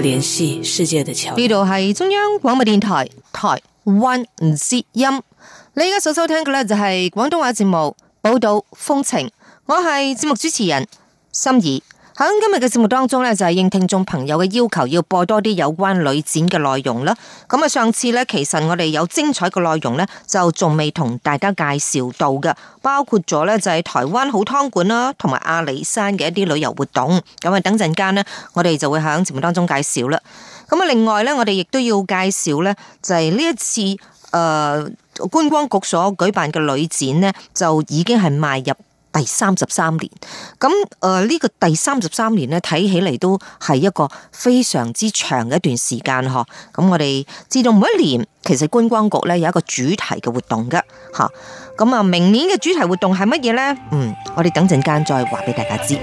聯繫世界嘅橋，呢度係中央廣播電台台灣之音，你而家所收聽嘅咧就係廣東話節目報道風情，我係節目主持人心怡。喺今日嘅節目當中咧，就係應聽眾朋友嘅要求，要播多啲有關旅展嘅內容啦。咁啊，上次咧，其實我哋有精彩嘅內容咧，就仲未同大家介紹到嘅，包括咗咧就係台灣好湯館啦，同埋阿里山嘅一啲旅遊活動。咁啊，等陣間呢，我哋就會喺節目當中介紹啦。咁啊，另外咧，我哋亦都要介紹咧，就係呢一次誒、呃、觀光局所舉辦嘅旅展呢，就已經係邁入。第三十三年，咁誒呢個第三十三年咧，睇起嚟都係一個非常之長嘅一段時間嗬，咁我哋知道每一年，其實觀光局咧有一個主題嘅活動噶吓。咁啊，明年嘅主題活動係乜嘢呢？嗯，我哋等陣間再話俾大家知。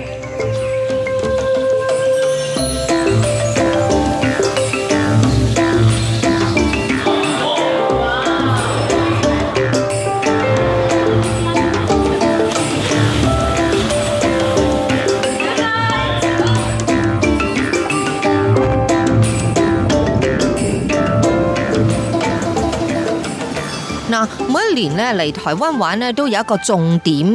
年咧嚟台灣玩咧，都有一個重點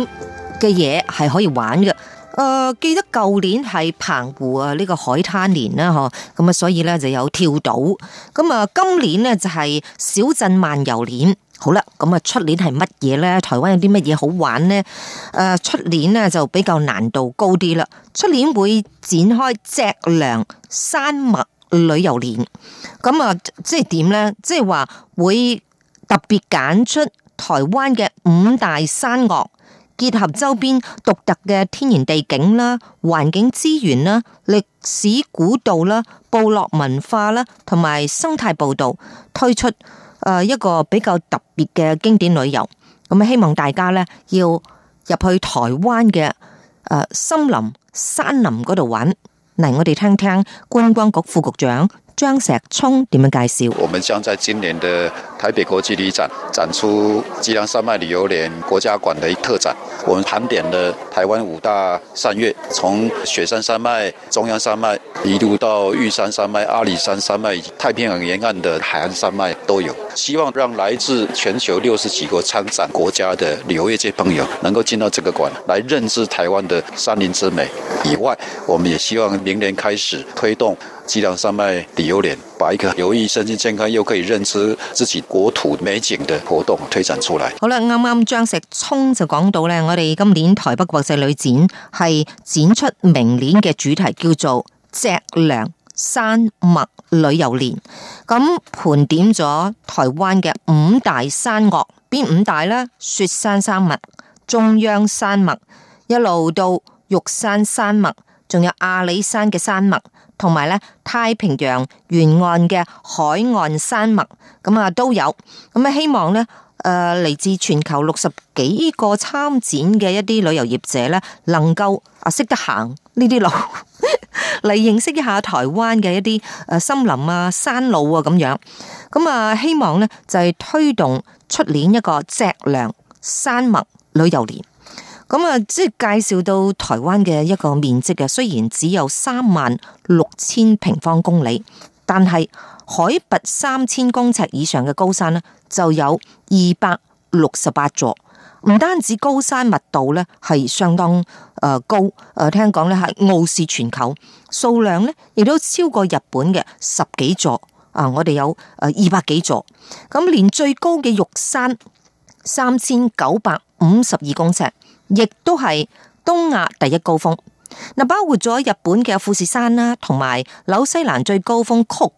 嘅嘢係可以玩嘅。誒、呃，記得舊年係澎湖啊呢個海灘年啦，嗬。咁啊，所以咧就有跳島。咁啊，今年咧就係小鎮漫遊年。好啦，咁啊，出年係乜嘢咧？台灣有啲乜嘢好玩咧？誒，出年咧就比較難度高啲啦。出年會展開脊梁山脈旅遊年。咁啊，即係點咧？即係話會特別揀出。台灣嘅五大山岳，結合周邊獨特嘅天然地景啦、環境資源啦、歷史古道啦、部落文化啦，同埋生態報道，推出誒，一個比較特別嘅經典旅遊。咁希望大家咧要入去台灣嘅誒森林山林嗰度玩。嚟我哋聽聽觀光局副局長。張石聰點樣介紹？我們將在今年的台北國際旅展展出《脊梁山脈旅遊年》國家館的一個特展。我們盤點了台灣五大山岳，從雪山山脈、中央山脈一路到玉山山脈、阿里山山脈以及太平洋沿岸的海岸山脈都有。希望讓來自全球六十幾個參展國家的旅遊業界朋友能夠進到這個館，來認知台灣的山林之美。以外，我們也希望明年開始推動。知道山脈旅遊年，把一個有益身心健康又可以認知自己國土美景的活動推展出來。好啦，啱啱張石聰就講到咧，我哋今年台北國際旅展係展出明年嘅主題，叫做脊梁山脈旅遊年。咁盤點咗台灣嘅五大山岳，邊五大咧？雪山山脈、中央山脈，一路到玉山山脈，仲有阿里山嘅山脈。同埋咧，太平洋沿岸嘅海岸山脈，咁啊都有。咁啊，希望咧，誒，嚟自全球六十幾個參展嘅一啲旅遊業者咧，能夠啊識得行呢啲路，嚟認識一下台灣嘅一啲誒森林啊、山路啊咁樣。咁啊，希望咧就係推動出年一個脊梁山脈旅遊年。咁啊，即係介紹到台灣嘅一個面積嘅，雖然只有三萬六千平方公里，但係海拔三千公尺以上嘅高山咧就有二百六十八座，唔單止高山密度咧係相當誒高誒，聽講咧係傲視全球數量咧亦都超過日本嘅十幾座啊。我哋有誒二百幾座，咁連最高嘅玉山三千九百五十二公尺。亦都係東亞第一高峰，嗱，包括咗日本嘅富士山啦，同埋紐西蘭最高峰 Cook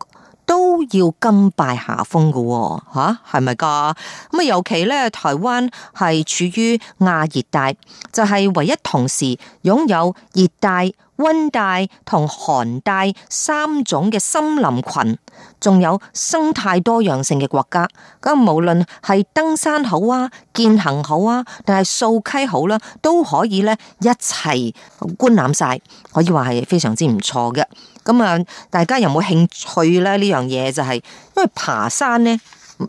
都要甘拜下風㗎吓，係咪噶？咁啊，尤其咧，台灣係處於亞熱帶，就係、是、唯一同時擁有熱帶。溫帶同寒帶三種嘅森林群，仲有生態多樣性嘅國家，咁無論係登山好啊，健行好啊，定係溯溪好啦、啊，都可以咧一齊觀覽晒，可以話係非常之唔錯嘅。咁啊，大家有冇興趣咧？呢樣嘢就係、是、因為爬山呢。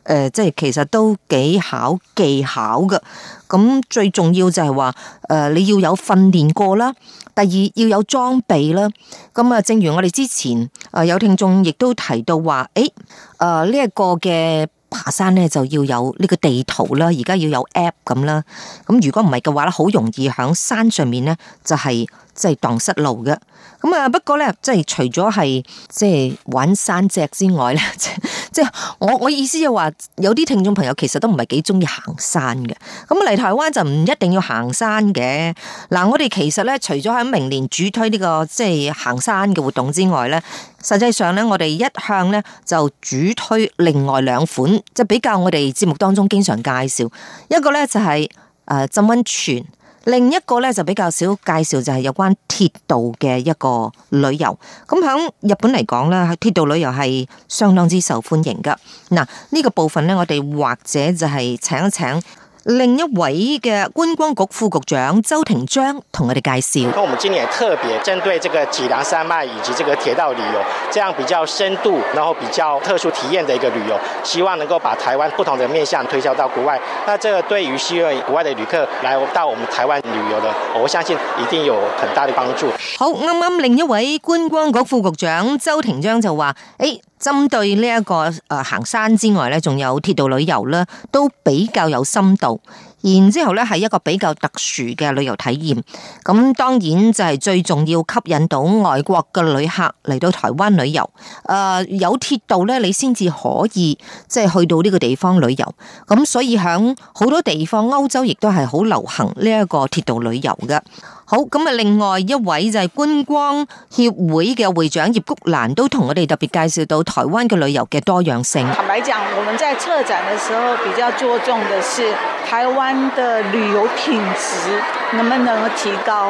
誒，即係其實都幾考技巧嘅，咁最重要就係話，誒你要有訓練過啦，第二要有裝備啦，咁啊，正如我哋之前誒有聽眾亦都提到話，誒、哎，誒呢一個嘅爬山咧就要有呢個地圖啦，而家要有 App 咁啦，咁如果唔係嘅話咧，好容易喺山上面咧就係、是。即係蕩失路嘅，咁啊，不過咧，即係除咗係即係玩山脊之外咧，即即係我我意思就話，有啲聽眾朋友其實都唔係幾中意行山嘅，咁嚟台灣就唔一定要行山嘅。嗱，我哋其實咧，除咗喺明年主推呢個即係行山嘅活動之外咧，實際上咧，我哋一向咧就主推另外兩款，即係比較我哋節目當中經常介紹，一個咧就係誒浸溫泉。另一個咧就比較少介紹，就係有關鐵道嘅一個旅遊。咁喺日本嚟講咧，喺鐵道旅遊係相當之受歡迎噶。嗱，呢個部分咧，我哋或者就係請一請。另一位嘅觀光局副局長周庭章同我哋介紹，咁我們今年特別針對這個脊梁山脈以及這個鐵道旅遊，這樣比較深度，然後比較特殊體驗的一個旅遊，希望能夠把台灣不同的面向推銷到國外。那這個對於需要國外的旅客來到我們台灣旅遊的，我相信一定有很大的幫助。好，啱啱另一位觀光局副局長周庭章就話：，誒、哎。針對呢一個誒行山之外咧，仲有鐵道旅遊咧，都比較有深度。然之後咧係一個比較特殊嘅旅遊體驗。咁當然就係最重要吸引到外國嘅旅客，嚟到台灣旅遊。誒，有鐵道咧，你先至可以即係去到呢個地方旅遊。咁所以響好多地方，歐洲亦都係好流行呢一個鐵道旅遊嘅。好咁啊！那另外一位就係觀光協會嘅會長葉菊蘭都同我哋特別介紹到台灣嘅旅遊嘅多樣性。坦白講，我們在策展的時候比較着重嘅是台灣嘅旅遊品質能不能提高？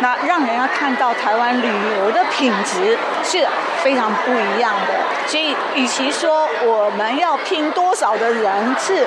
那讓人家看到台灣旅遊的品質是非常不一樣的。所以，與其說我們要拼多少的人次。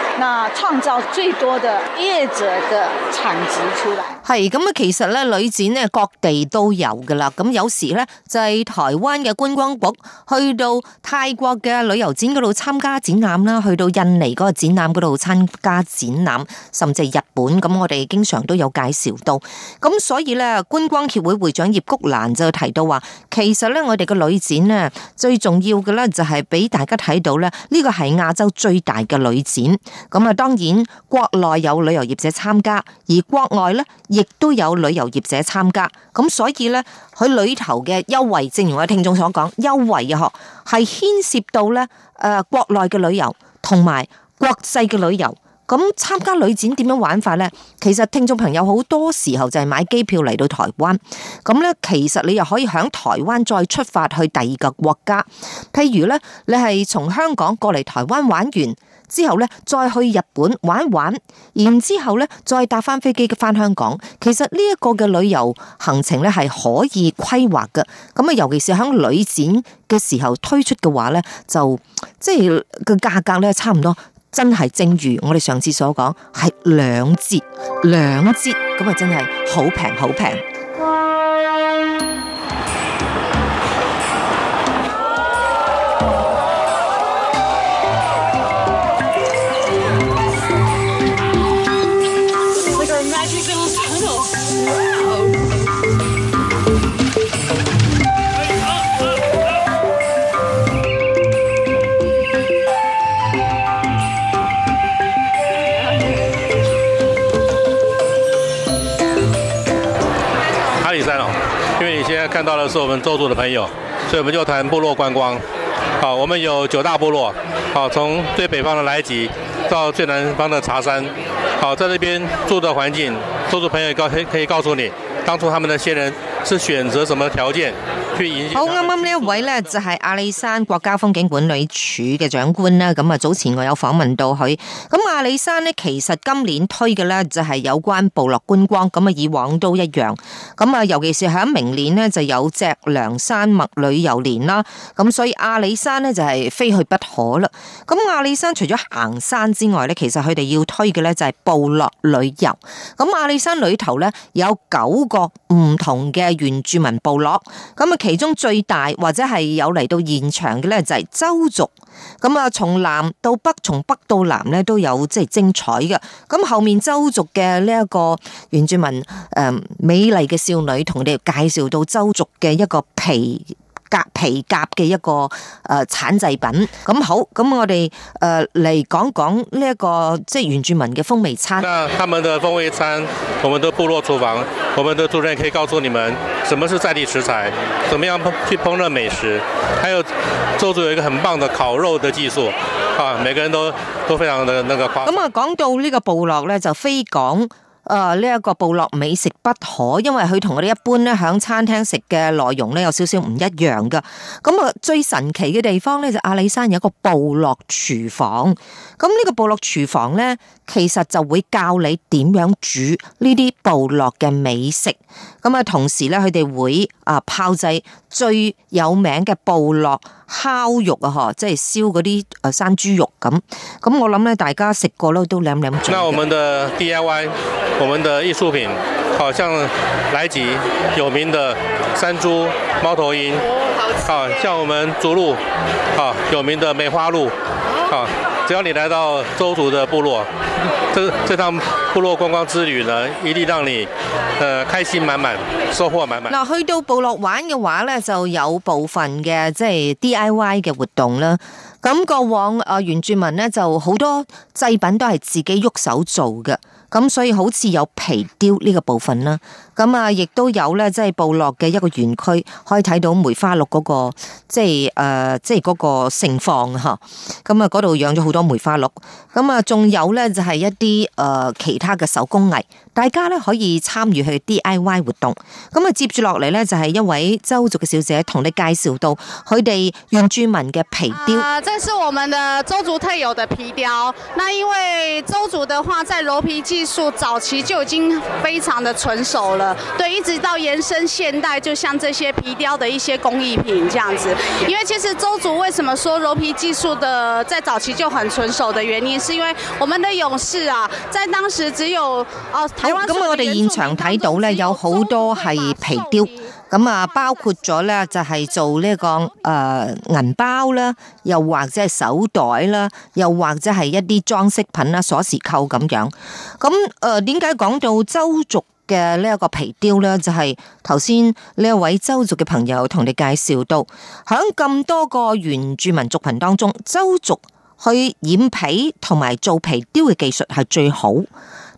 那創造最多的業者的產值出來係咁啊！其實咧，旅展呢各地都有噶啦。咁有時呢，就係台灣嘅觀光局去到泰國嘅旅遊展嗰度參加展覽啦，去到印尼嗰個展覽嗰度參加展覽，甚至日本咁，我哋經常都有介紹到。咁所以呢，觀光協會會長葉菊蘭就提到話，其實呢，我哋個旅展呢最重要嘅呢，就係俾大家睇到呢，呢個係亞洲最大嘅旅展。咁啊，當然國內有旅遊業者參加，而國外咧亦都有旅遊業者參加。咁所以咧，佢裏頭嘅優惠，正如我聽眾所講，優惠嘅話係牽涉到咧誒、呃、國內嘅旅遊同埋國際嘅旅遊。咁參加旅展點樣玩法咧？其實聽眾朋友好多時候就係買機票嚟到台灣。咁咧，其實你又可以喺台灣再出發去第二個國家。譬如咧，你係從香港過嚟台灣玩完。之後咧，再去日本玩一玩，然之後咧，再搭翻飛機翻香港。其實呢一個嘅旅遊行程咧係可以規劃嘅。咁啊，尤其是喺旅展嘅時候推出嘅話咧，就即係個價格咧差唔多，真係正如我哋上次所講，係兩折兩折，咁啊真係好平好平。看到的是我們周族的朋友，所以我們就談部落觀光。好，我們有九大部落，好，從最北方的來吉到最南方的茶山，好，在那邊住的環境，周族朋友告可，可以告訴你，當初他們的先人是選擇什麼條件。好，啱啱呢一位呢就係阿里山國家風景管理處嘅長官啦。咁啊，早前我有訪問到佢。咁阿里山呢，其實今年推嘅呢就係有關部落觀光。咁啊，以往都一樣。咁啊，尤其是喺明年呢，就有脊梁山脈旅遊年啦。咁所以阿里山呢，就係非去不可啦。咁阿里山除咗行山之外呢，其實佢哋要推嘅呢，就係部落旅遊。咁阿里山裏頭呢，有九個唔同嘅原住民部落。咁啊。其中最大或者係有嚟到現場嘅咧，就係鄒族。咁啊，從南到北，從北到南咧，都有即係精彩嘅。咁後面鄒族嘅呢一個原住民美麗嘅少女，同你哋介紹到鄒族嘅一個皮。革皮革嘅一個誒產製品，咁好，咁我哋誒嚟講講呢一個即係原住民嘅風味餐。啊，他們的風味餐，我們的部落廚房，我們的主人可以告訴你們，什麼是在地食材，怎麼樣去烹飪美食，還有做主有一個很棒的烤肉的技術啊，每個人都都非常的那個誇張。咁啊，講到呢個部落咧，就非講。誒，呢一個部落美食不可，因為佢同我哋一般咧，響餐廳食嘅內容咧有少少唔一樣噶。咁啊，最神奇嘅地方咧就阿里山有一個部落廚房。咁、這、呢個部落廚房咧，其實就會教你點樣煮呢啲部落嘅美食。咁啊，同時咧，佢哋會啊炮製最有名嘅部落。烤肉啊，嗬，即係燒嗰啲誒山豬肉咁。咁我諗咧，大家食過都都舐舐。那我們的 DIY，我們的藝術品，好像來吉有名的山豬、貓頭鷹，哦、好像我們竹鹿有名的梅花鹿，啊只要你來到鄒族的部落。這趟部落觀光之旅呢，一定讓你，誒、呃、開心滿滿，收穫滿滿。嗱，去到部落玩嘅話呢，就有部分嘅即係、就是、DIY 嘅活動啦。咁過往原住民呢，就好多製品都係自己喐手做嘅，咁所以好似有皮雕呢個部分啦。咁啊，亦都有咧，即係部落嘅一個園區，可以睇到梅花鹿嗰個即係誒，即係個盛況吓，咁啊，嗰度養咗好多梅花鹿。咁啊，仲有咧就係一啲誒其他嘅手工藝，大家咧可以參與去 D I Y 活動。咁啊，接住落嚟咧就係一位鄒族嘅小姐同你介紹到佢哋原住民嘅皮雕。啊，這是我們的鄒族特有的皮雕。那因為鄒族的話，在鞣皮技術早期就已經非常的純熟了。對，一直到延伸現代，就像這些皮雕的一些工藝品這樣子。因為其實鄒族為什麼說鞣皮技術的在早期就很純熟的原因，是因為我們的勇士啊，在當時只有哦、啊、台灣。咁我哋現場睇到呢，有好多係皮雕。咁啊，包括咗呢、這個，就係做呢個誒銀包啦，又或者係手袋啦，又或者係一啲裝飾品啦、鎖匙扣咁樣。咁誒，點解講到鄒族嘅呢一個皮雕呢，就係頭先呢一位周族嘅朋友同你介紹到，響咁多個原住民族群當中，周族去染皮同埋做皮雕嘅技術係最好。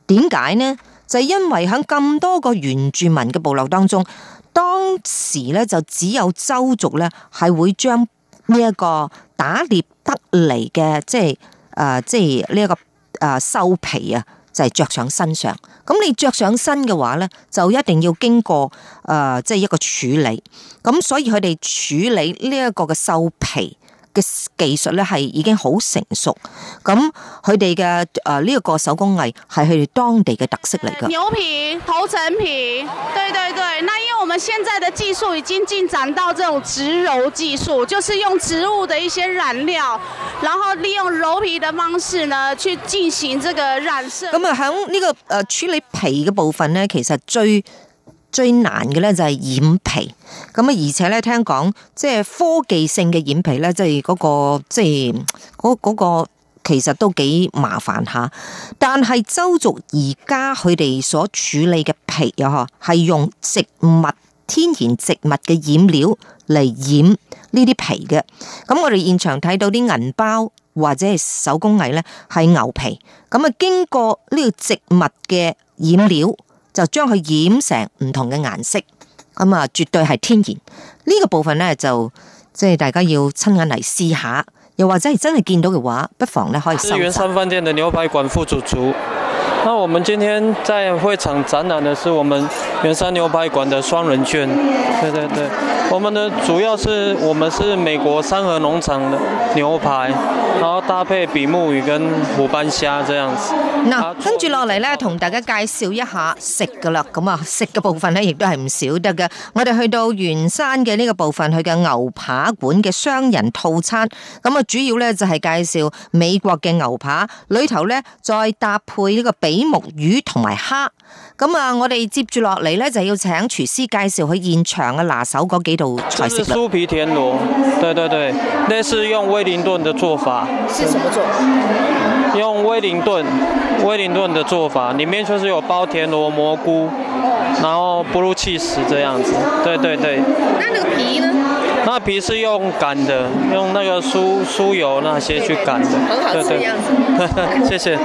點解呢？就係因為響咁多個原住民嘅部落當中，當時呢，就只有周族呢係會將呢一個打獵得嚟嘅，即係誒，即係呢一個誒收皮啊。就係着上身上，咁你着上身嘅話咧，就一定要經過誒，即係一個處理，咁所以佢哋處理呢一個嘅獸皮嘅技術咧，係已經好成熟，咁佢哋嘅誒呢一個手工藝係佢哋當地嘅特色嚟嘅。牛皮、頭層皮，對對對，那因我們現在的技術已經進展到這種植鞣技術，就是用植物的一些染料，然後利用鞣皮的方式呢，去進行這個染色。咁啊，喺呢個誒處理皮嘅部分呢，其實最最難嘅呢就係染皮。咁啊，而且呢，聽講，即係科技性嘅染皮呢，即係嗰個即係嗰嗰個。就是其實都幾麻煩下，但係周族而家佢哋所處理嘅皮啊，係用植物天然植物嘅染料嚟染呢啲皮嘅。咁我哋現場睇到啲銀包或者係手工藝呢，係牛皮，咁啊經過呢個植物嘅染料，就將佢染成唔同嘅顏色。咁啊，絕對係天然。呢個部分呢，就即係大家要親眼嚟試下。又或者係真係見到嘅話，不妨咧可以收藏。那我們今天在會場展覽的是我們元山牛排館的雙人券。對對對，我們的主要是我們是美國三河農場的牛排，然後搭配比目魚跟虎斑蝦這樣子。嗱、啊，跟住落嚟呢，同大家介紹一下食噶啦。咁啊，食嘅部分呢，亦都係唔少得嘅。我哋去到元山嘅呢個部分，佢嘅牛扒館嘅雙人套餐，咁啊，主要呢就係、是、介紹美國嘅牛扒，裏頭呢再搭配呢、這個比。魚、木魚同埋蝦，咁啊，我哋接住落嚟呢，就要請廚師介紹佢現場嘅拿手嗰幾道菜色。酥皮田螺，對對對，類似用威靈頓的做法。是什麼做法？用威靈頓，威靈頓的做法，裏面就是有包田螺、蘑菇，然後 blue cheese 這樣子。對對對。那個皮呢？那皮是用擀的，用那個酥酥油那些去擀的，對對對，很好吃一樣 謝謝、啊。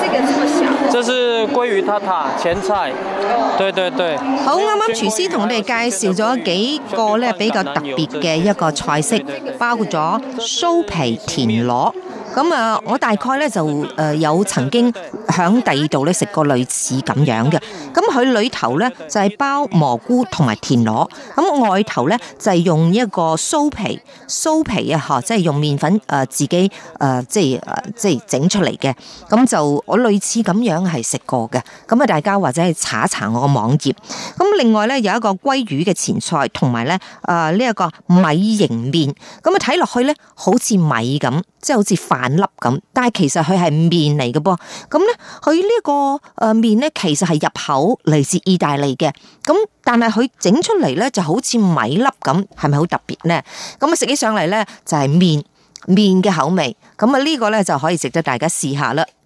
這個這麼小，這是鮭魚塔塔前菜，哦、對對對。好，啱啱廚師同你哋介紹咗幾個咧比較特別嘅一個菜式，包括咗酥皮田螺。咁啊，我大概咧就誒有曾經喺第二度咧食過類似咁樣嘅，咁佢裏頭咧就係包蘑菇同埋田螺，咁外頭咧就係用一個酥皮，酥皮啊吓，即係用麵粉誒自己誒、呃、即係即係整出嚟嘅，咁就我類似咁樣係食過嘅，咁啊大家或者係查一查我個網頁，咁另外咧有一個鮭魚嘅前菜，同埋咧誒呢一個米形麵，咁啊睇落去咧好似米咁，即係好似飯。米粒咁，但係其實佢係麵嚟嘅噃，咁咧佢呢個誒麵咧，其實係入口嚟自意大利嘅，咁但係佢整出嚟咧就好似米粒咁，係咪好特別咧？咁啊食起上嚟咧就係麵麵嘅口味，咁啊呢個咧就可以值得大家試下啦。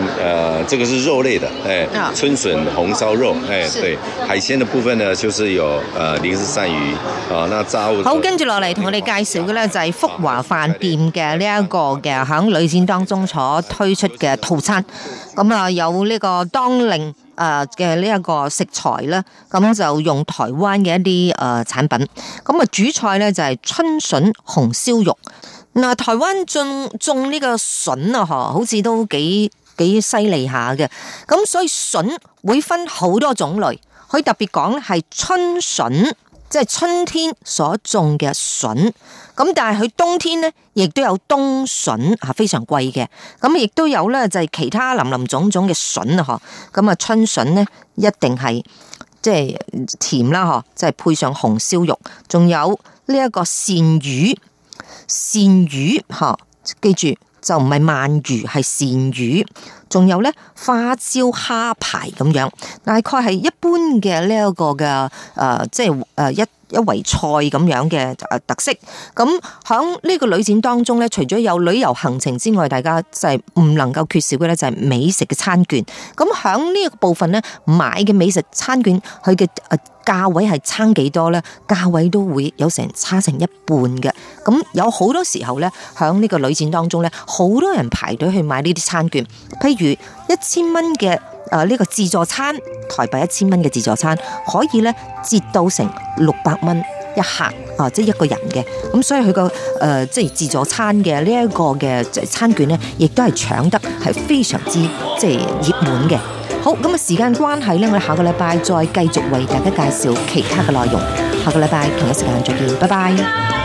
誒、啊，這個是肉類的，誒、哎，春筍紅燒肉，誒、啊，對，是海鮮的部分呢，就是有誒，零食鱔魚啊，那炸物。好，跟住落嚟同我哋介紹嘅呢就係福華飯店嘅呢一個嘅喺旅展當中所推出嘅套餐。咁啊，有呢個當令誒嘅呢一個食材啦，咁就用台灣嘅一啲誒產品。咁啊，主菜呢就係春筍紅燒肉。嗱，台灣種種呢個筍啊，嗬，好似都幾。幾犀利下嘅，咁所以筍會分好多種類，可以特別講係春筍，即係春天所種嘅筍。咁但係佢冬天呢，亦都有冬筍啊，非常貴嘅。咁亦都有咧，就係其他林林種種嘅筍啊，嗬。咁啊，春筍呢，一定係即係甜啦，嗬，即係配上紅燒肉，仲有呢一個鱔魚，鱔魚嗬，記住。就唔係鰻魚，係鱔魚，仲有咧，花椒蝦排咁樣，大概係一般嘅呢、這個呃就是呃、一個嘅，誒，即係誒一。一圍菜咁樣嘅特色，咁喺呢個旅展當中咧，除咗有旅遊行程之外，大家就係唔能夠缺少嘅咧，就係美食嘅餐券。咁喺呢一個部分咧，買嘅美食餐券，佢嘅誒價位係差幾多咧？價位都會有成差成一半嘅。咁有好多時候咧，喺呢個旅展當中咧，好多人排隊去買呢啲餐券。譬如一千蚊嘅。誒，呢、呃，這個自助餐台幣一千蚊嘅自助餐，可以咧折到成六百蚊一客，啊、呃，即係一個人嘅。咁、嗯、所以佢個誒，即係自助餐嘅、這個、呢一個嘅餐券咧，亦都係搶得係非常之即係熱門嘅。好，咁啊時間關係咧，我哋下個禮拜再繼續為大家介紹其他嘅內容。下個禮拜同一時間再見，拜拜。